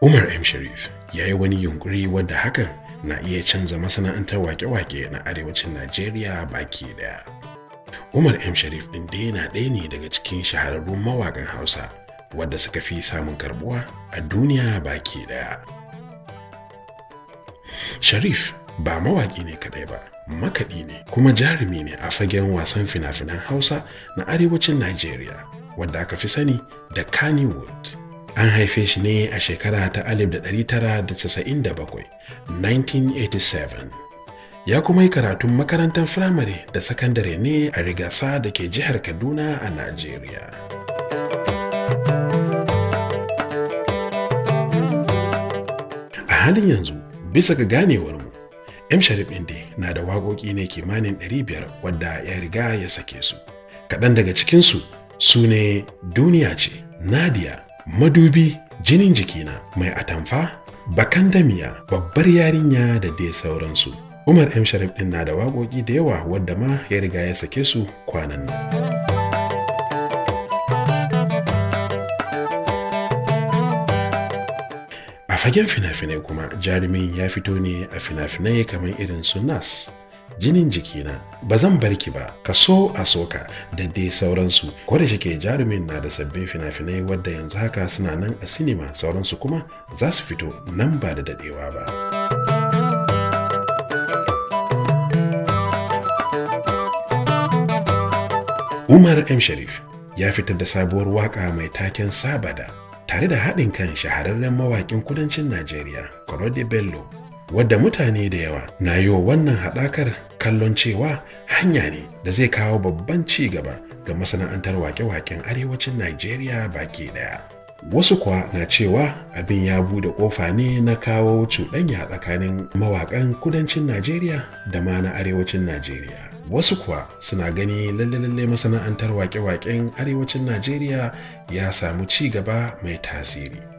Umar M. Sharif ya yi wani yunkuri wadda hakan na iya canza masana'antar wake-wake na arewacin Najeriya baki daya. Umar M. Sharif ɗin dai na ɗaya ne daga cikin shahararrun mawaƙan Hausa wadda suka fi samun karbuwa a duniya baki daya. Sharif ba mawaƙi ne kaɗai ba, makaɗi ne kuma jarumi ne a fagen wasan fina-finan Hausa na arewacin Najeriya wadda aka fi sani da Kannywood. an haife shi ne a shekara ta 1997 1987 ya kuma yi karatun makarantar firamare da sakandare ne a rigasa da ke jihar kaduna a najeriya a halin yanzu bisa ga ganewar mu, m sharif ɗin na da waƙoƙi ne kimanin 500 wadda ya riga ya sake su kaɗan daga cikinsu su ne duniya ce nadia madubi jinin jikina mai atamfa bakan damiya babbar yarinya da dai sauransu umar m sharif din na da waƙoƙi da yawa wadda ma ya riga ya sake su kwanan nan A fagen fina-finai kuma jarumin ya fito ne a fina-finai kamar irin su nas jinin jikina ba zan bar ki ba ka so a soka da dai sauransu ko da shike jarumin na da sabbin fina-finai wadda yanzu haka suna nan a sinima sauransu kuma za su fito nan ba da dadewa ba umar m sharif ya fitar da sabuwar waka mai taken sabada tare da haɗin kan shahararren mawaƙin kudancin najeriya corrode bello wadda mutane da yawa na yi wa wannan haɗakar kallon cewa hanya ne da zai kawo babban ci gaba ga masana'antar wake-waken arewacin Najeriya baki ɗaya. Wasu kuwa na cewa abin ya buɗe ƙofa ne na kawo cuɗanya tsakanin mawaƙan kudancin Najeriya da ma na arewacin Najeriya. Wasu kuwa suna gani lalle-lalle masana'antar wake-waken arewacin Najeriya ya samu ci gaba mai tasiri.